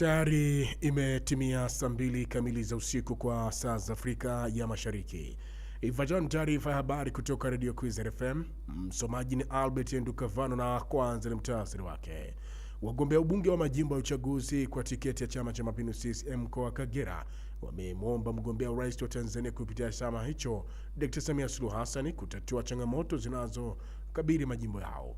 Tayari imetimia saa mbili kamili za usiku kwa saa za Afrika ya Mashariki. Ifuatayo ni taarifa ya habari kutoka Radio Kwizera FM. Msomaji ni Albert Ndukavano, na kwanza ni mtasiri wake. Wagombea ubunge wa majimbo ya uchaguzi kwa tiketi ya Chama cha Mapinduzi CCM mkoa wa Kagera wamemwomba mgombea urais wa Tanzania kupitia chama hicho Dkt. Samia Suluhu Hassan kutatua changamoto zinazokabili majimbo yao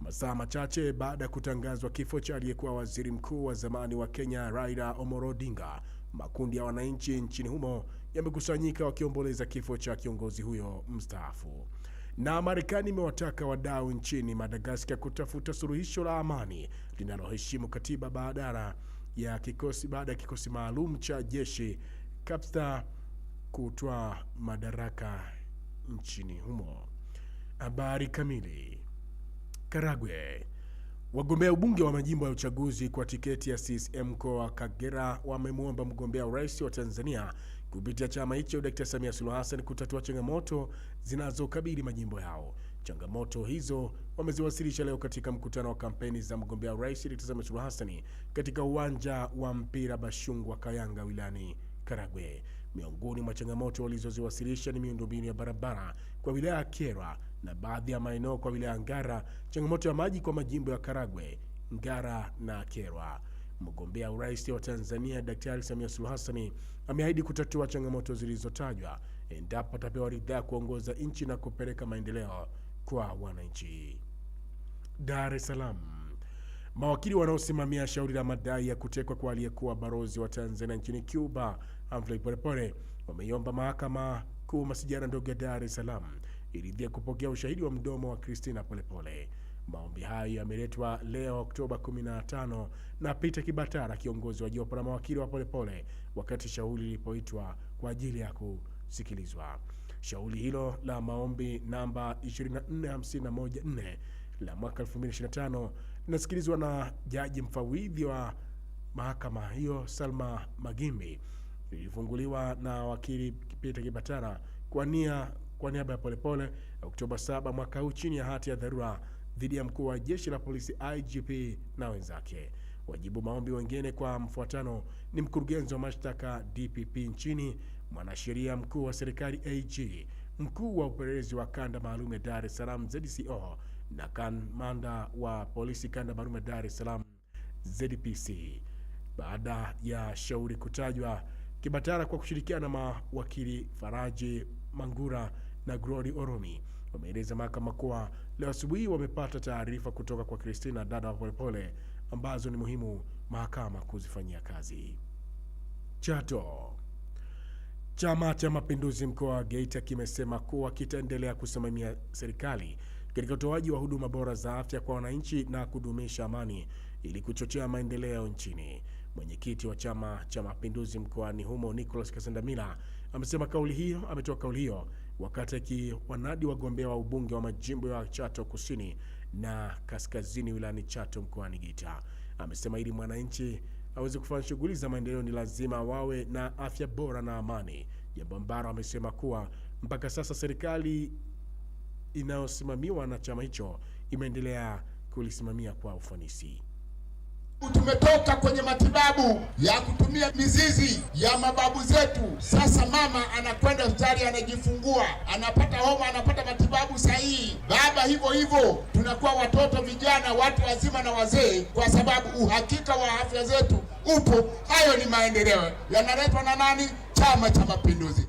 masaa machache baada ya kutangazwa kifo cha aliyekuwa waziri mkuu wa zamani wa Kenya Raila Omolo Odinga, makundi ya wananchi nchini humo yamekusanyika wakiomboleza kifo cha kiongozi huyo mstaafu. Na Marekani imewataka wadau nchini Madagaskar kutafuta suluhisho la amani linaloheshimu katiba baadara ya kikosi baada ya kikosi maalum cha jeshi Kapsta kutwaa madaraka nchini humo. Habari kamili Karagwe. Wagombea ubunge wa majimbo ya uchaguzi kwa tiketi ya CCM mkoa wa Kagera wamemwomba mgombea urais wa Tanzania kupitia chama hicho Dkt. Samia Suluhu Hassan kutatua changamoto zinazokabili majimbo yao. Changamoto hizo wameziwasilisha leo katika mkutano wa kampeni za mgombea urais Dkt. Samia Suluhu Hassan katika uwanja wa mpira Bashungwa Kayanga wilayani Karagwe. Miongoni mwa changamoto walizoziwasilisha ni miundombinu ya barabara kwa wilaya ya Kyerwa na baadhi ya maeneo kwa wilaya Ngara, changamoto ya maji kwa majimbo ya Karagwe, Ngara na Kerwa. Mgombea urais wa Tanzania Daktari Samia Suluhu Hassan ameahidi kutatua changamoto zilizotajwa endapo atapewa ridhaa kuongoza nchi na kupeleka maendeleo kwa wananchi. Dar es Salaam, mawakili wanaosimamia shauri la madai ya kutekwa kwa aliyekuwa balozi wa Tanzania nchini Cuba Humphrey Polepole wameiomba mahakama kuu masijara ndogo ya Dar es Salaam iridhia kupokea ushahidi wa mdomo wa Christina Polepole. Maombi hayo yameletwa leo Oktoba 15 na Peter Kibatara, kiongozi wa jopo la mawakili wa Polepole, wakati shauri lilipoitwa kwa ajili ya kusikilizwa. Shauri hilo la maombi namba 24514 la mwaka 2025 linasikilizwa na jaji mfawidhi wa mahakama hiyo Salma Magimbi, lilifunguliwa na wakili Peter Kibatara kwa nia kwa niaba ya Polepole Oktoba 7 mwaka huu chini ya hati ya dharura dhidi ya mkuu wa jeshi la polisi IGP na wenzake. Wajibu maombi wengine kwa mfuatano ni mkurugenzi wa mashtaka DPP nchini, mwanasheria mkuu wa serikali AG, mkuu wa upelelezi wa kanda maalum ya Dar es Salaam ZCO na kamanda wa polisi kanda maalum ya Dar es Salaam ZPC. Baada ya shauri kutajwa, Kibatara kwa kushirikiana na mawakili Faraji Mangura na Glory Oromi wameeleza mahakama kuwa leo asubuhi wamepata taarifa kutoka kwa Christina Dada Polepole ambazo ni muhimu mahakama kuzifanyia kazi. Chato. Chama cha Mapinduzi mkoa wa Geita kimesema kuwa kitaendelea kusimamia serikali katika utoaji wa huduma bora za afya kwa wananchi na kudumisha amani ili kuchochea maendeleo nchini. Mwenyekiti wa Chama cha Mapinduzi mkoani humo Nicholas Kasandamila amesema kauli hiyo ametoa kauli hiyo wakati akiwanadi wagombea wa ubunge wa majimbo ya Chato Kusini na Kaskazini wilayani Chato mkoani Geita. Amesema ili mwananchi aweze kufanya shughuli za maendeleo ni lazima wawe na afya bora na amani, jambo ambalo amesema kuwa mpaka sasa serikali inayosimamiwa na chama hicho imeendelea kulisimamia kwa ufanisi. Tumetoka kwenye matibabu ya kutumia mizizi ya mababu zetu. Sasa mama anakwenda hospitali, anajifungua, anapata homa, anapata matibabu sahihi. Baba hivyo hivyo, tunakuwa watoto, vijana, watu wazima na wazee, kwa sababu uhakika wa afya zetu upo. Hayo ni maendeleo yanaletwa na nani? Chama cha Mapinduzi.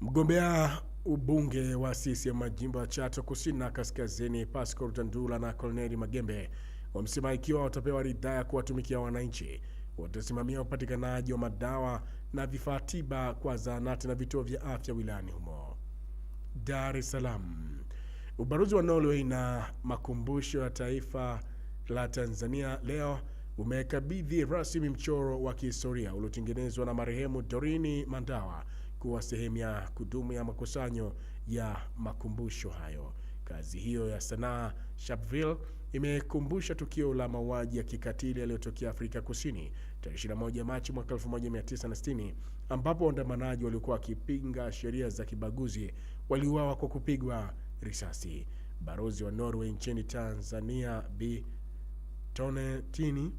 Mgombea ubunge wa CCM majimbo ya Chato Kusini na Kaskazini, Pascal Tandula na Kolneli Magembe wamesema ikiwa watapewa ridhaa ya kuwatumikia wananchi, watasimamia upatikanaji wa madawa na vifaa tiba kwa zahanati na vituo vya afya wilayani humo. Dar es Salaam, ubalozi wa Norway na makumbusho ya taifa la Tanzania leo umekabidhi rasmi mchoro wa kihistoria uliotengenezwa na marehemu Dorini Mandawa kuwa sehemu ya kudumu ya makusanyo ya makumbusho hayo. Kazi hiyo ya sanaa Sharpeville imekumbusha tukio la mauaji ya kikatili yaliyotokea Afrika Kusini tarehe 21 Machi mwaka 1960 ambapo waandamanaji waliokuwa wakipinga sheria za kibaguzi waliuawa kwa kupigwa risasi. Balozi wa Norway nchini Tanzania b Tonetini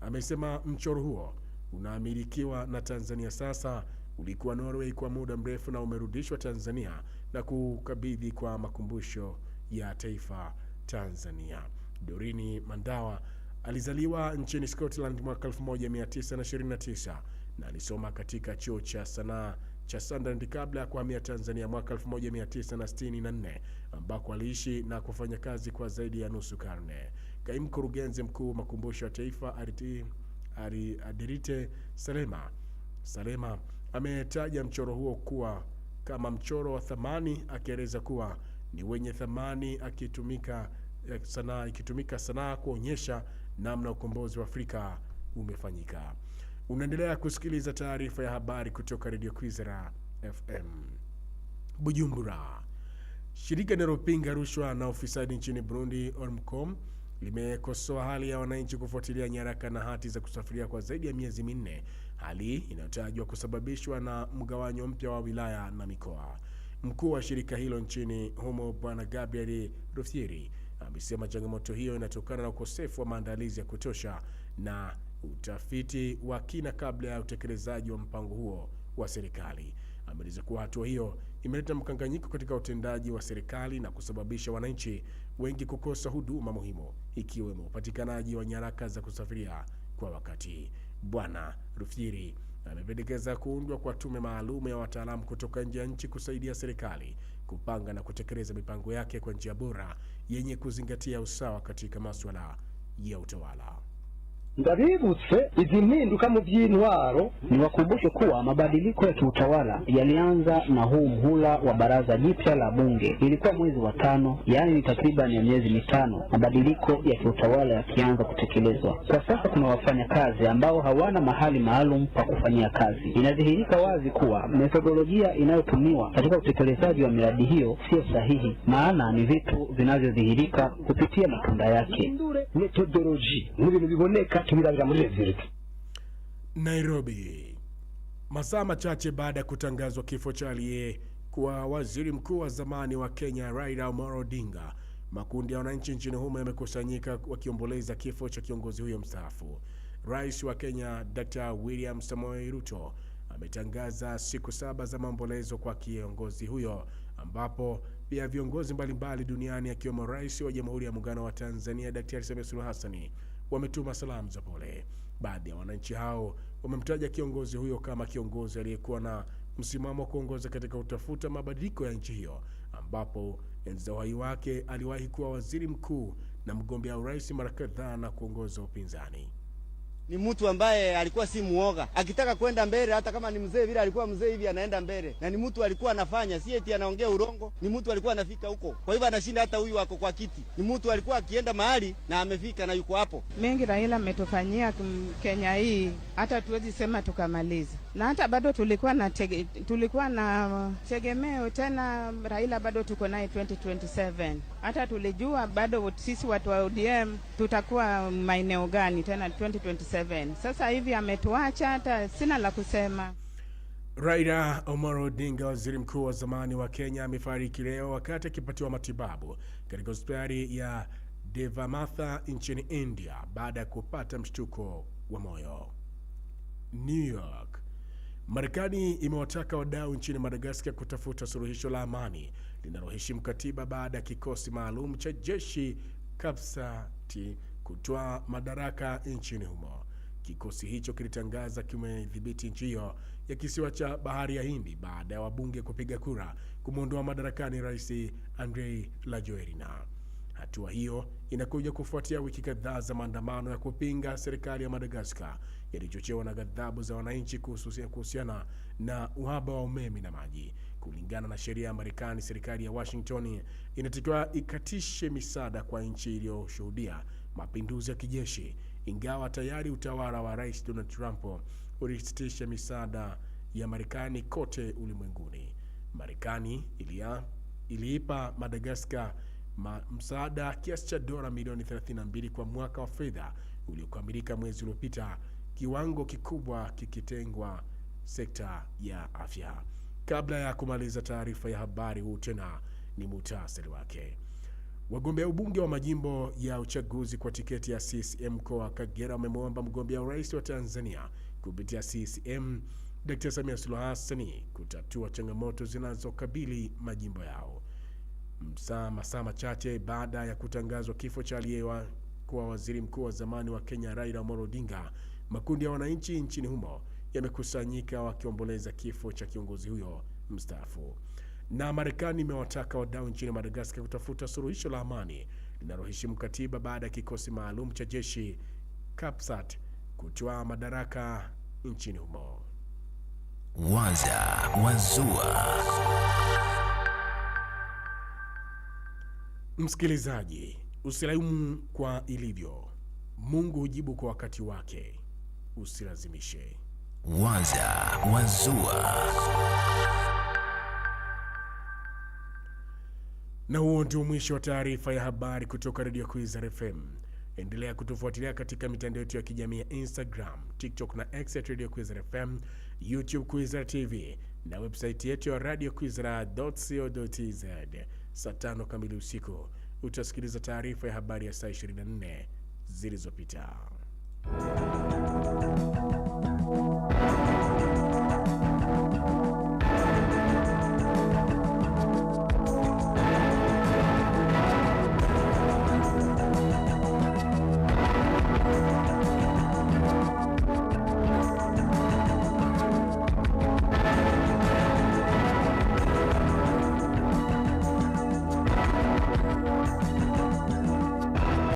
amesema mchoro huo unaamilikiwa na Tanzania sasa ulikuwa Norway kwa muda mrefu na umerudishwa Tanzania na kukabidhi kwa makumbusho ya taifa Tanzania. Dorini Mandawa alizaliwa nchini Scotland mwaka 1929 na alisoma katika chuo cha sanaa cha Sunderland kabla ya kuhamia Tanzania mwaka 1964 ambako aliishi na kufanya kazi kwa zaidi ya nusu karne. Kaimu mkurugenzi mkuu makumbusho ya taifa Ariti, Ari, Adirite Salema Salema ametaja mchoro huo kuwa kama mchoro wa thamani, akieleza kuwa ni wenye thamani akitumika eh, sanaa ikitumika sanaa kuonyesha namna ukombozi wa Afrika umefanyika. Unaendelea kusikiliza taarifa ya habari kutoka Radio Kwizera FM. Bujumbura, shirika linalopinga rushwa na ufisadi nchini Burundi ORMCOM limekosoa hali ya wananchi kufuatilia nyaraka na hati za kusafiria kwa zaidi ya miezi minne, hali inayotajwa kusababishwa na mgawanyo mpya wa wilaya na mikoa. Mkuu wa shirika hilo nchini humo Bwana Gabriel Rufyiri amesema changamoto hiyo inatokana na ukosefu wa maandalizi ya kutosha na utafiti wa kina kabla ya utekelezaji wa mpango huo wa serikali. Ameeleza kuwa hatua hiyo imeleta mkanganyiko katika utendaji wa serikali na kusababisha wananchi wengi kukosa huduma muhimu ikiwemo upatikanaji wa nyaraka za kusafiria kwa wakati. Bwana Rufyiri amependekeza kuundwa kwa tume maalum ya wataalamu kutoka nje ya nchi kusaidia serikali kupanga na kutekeleza mipango yake kwa njia bora yenye kuzingatia usawa katika masuala ya utawala ndabibutse izi mpinduka mu by'intwaro niwakumbushe kuwa mabadiliko ya kiutawala yalianza na huu mhula wa baraza jipya la bunge. Ilikuwa mwezi wa tano, yaani ni takriban ya miezi mitano, mabadiliko ya kiutawala yakianza kutekelezwa. Kwa sasa kuna wafanyakazi ambao hawana mahali maalum pa kufanyia kazi. Inadhihirika wazi kuwa methodolojia inayotumiwa katika utekelezaji wa miradi hiyo siyo sahihi, maana ni vitu vinavyodhihirika kupitia matunda yake. methodology ni ibintu tubirabira muri reverite Nairobi. Masaa machache baada ya kutangazwa kifo cha aliye kwa waziri mkuu wa zamani wa Kenya Raila Amolo Odinga, makundi ya wananchi nchini humo yamekusanyika wakiomboleza kifo cha kiongozi huyo mstaafu. Rais wa Kenya Dr. William Samoei Ruto ametangaza siku saba za maombolezo kwa kiongozi huyo, ambapo pia viongozi mbalimbali duniani akiwemo rais wa Jamhuri ya Muungano wa Tanzania dr Samia Suluhu Hassani wametuma salamu za pole. Baadhi ya wananchi hao wamemtaja kiongozi huyo kama kiongozi aliyekuwa na msimamo wa kuongoza katika kutafuta mabadiliko ya nchi hiyo, ambapo enzi za uhai wake aliwahi kuwa waziri mkuu na mgombea urais mara kadhaa na kuongoza upinzani ni mtu ambaye alikuwa si muoga, akitaka kwenda mbele, hata kama ni mzee vile alikuwa mzee hivi, anaenda mbele, na ni mtu alikuwa anafanya, si eti anaongea urongo, ni mtu alikuwa anafika huko. Kwa hivyo anashinda hata huyu wako kwa kiti, ni mtu alikuwa akienda mahali na amefika na yuko hapo. Mengi Raila ametufanyia Kenya hii, hata tuwezi sema tukamaliza, na hata bado tulikuwa na tege, tulikuwa na tegemeo tena Raila bado tuko naye 2027. Hata tulijua bado sisi watu wa ODM tutakuwa maeneo gani tena 2027. 7. Sasa hivi ametuacha, hata sina la kusema. Raila Omar Odinga, waziri mkuu wa zamani wa Kenya, amefariki leo wakati akipatiwa matibabu katika hospitali ya Devamatha nchini India baada ya kupata mshtuko wa moyo. New York. Marekani imewataka wadau nchini Madagaskar kutafuta suluhisho la amani linaloheshimu katiba baada ya kikosi maalum cha jeshi kapsati kutoa madaraka nchini humo. Kikosi hicho kilitangaza kimedhibiti nchi hiyo ya kisiwa cha bahari ya Hindi baada ya wabunge kupiga kura kumwondoa madarakani Rais Andrei Rajoelina. Hatua hiyo inakuja kufuatia wiki kadhaa za maandamano ya kupinga serikali ya Madagaskar yaliyochochewa na ghadhabu za wananchi kuhusiana na uhaba wa umeme na maji. Kulingana na sheria ya Marekani, serikali ya Washington inatakiwa ikatishe misaada kwa nchi iliyoshuhudia mapinduzi ya kijeshi, ingawa tayari utawala wa Rais Donald Trump ulisitisha misaada ya Marekani kote ulimwenguni. Marekani ilia, iliipa Madagaskar ma, msaada kiasi cha dola milioni 32 kwa mwaka wa fedha uliokamilika mwezi uliopita, kiwango kikubwa kikitengwa sekta ya afya. Kabla ya kumaliza taarifa ya habari, huu tena ni muhtasari wake. Wagombea ubunge wa majimbo ya uchaguzi kwa tiketi ya CCM mkoa wa Kagera wamemwomba mgombea urais wa Tanzania kupitia CCM Dkt. Samia Suluhu Hassan kutatua changamoto zinazokabili majimbo yao. msaa Masaa machache baada ya kutangazwa kifo cha aliyekuwa waziri mkuu wa zamani wa Kenya Raila Amolo Odinga, makundi ya wananchi nchini humo yamekusanyika wakiomboleza kifo cha kiongozi huyo mstaafu na Marekani imewataka wadau nchini Madagaskar kutafuta suluhisho la amani linaloheshimu katiba baada ya kikosi maalum cha jeshi CAPSAT kutoa madaraka nchini humo. Waza Wazua. Msikilizaji, usilaumu kwa ilivyo, Mungu hujibu kwa wakati wake, usilazimishe. Waza Wazua. Na huo ndio mwisho wa taarifa ya habari kutoka Radio Kwizera FM. Endelea kutufuatilia katika mitandao yetu ya kijamii ya Instagram, TikTok na X at Radio Kwizera FM, YouTube Kwizera TV na website yetu ya Radio co.tz. Saa tano kamili usiku utasikiliza taarifa ya habari ya saa 24 zilizopita.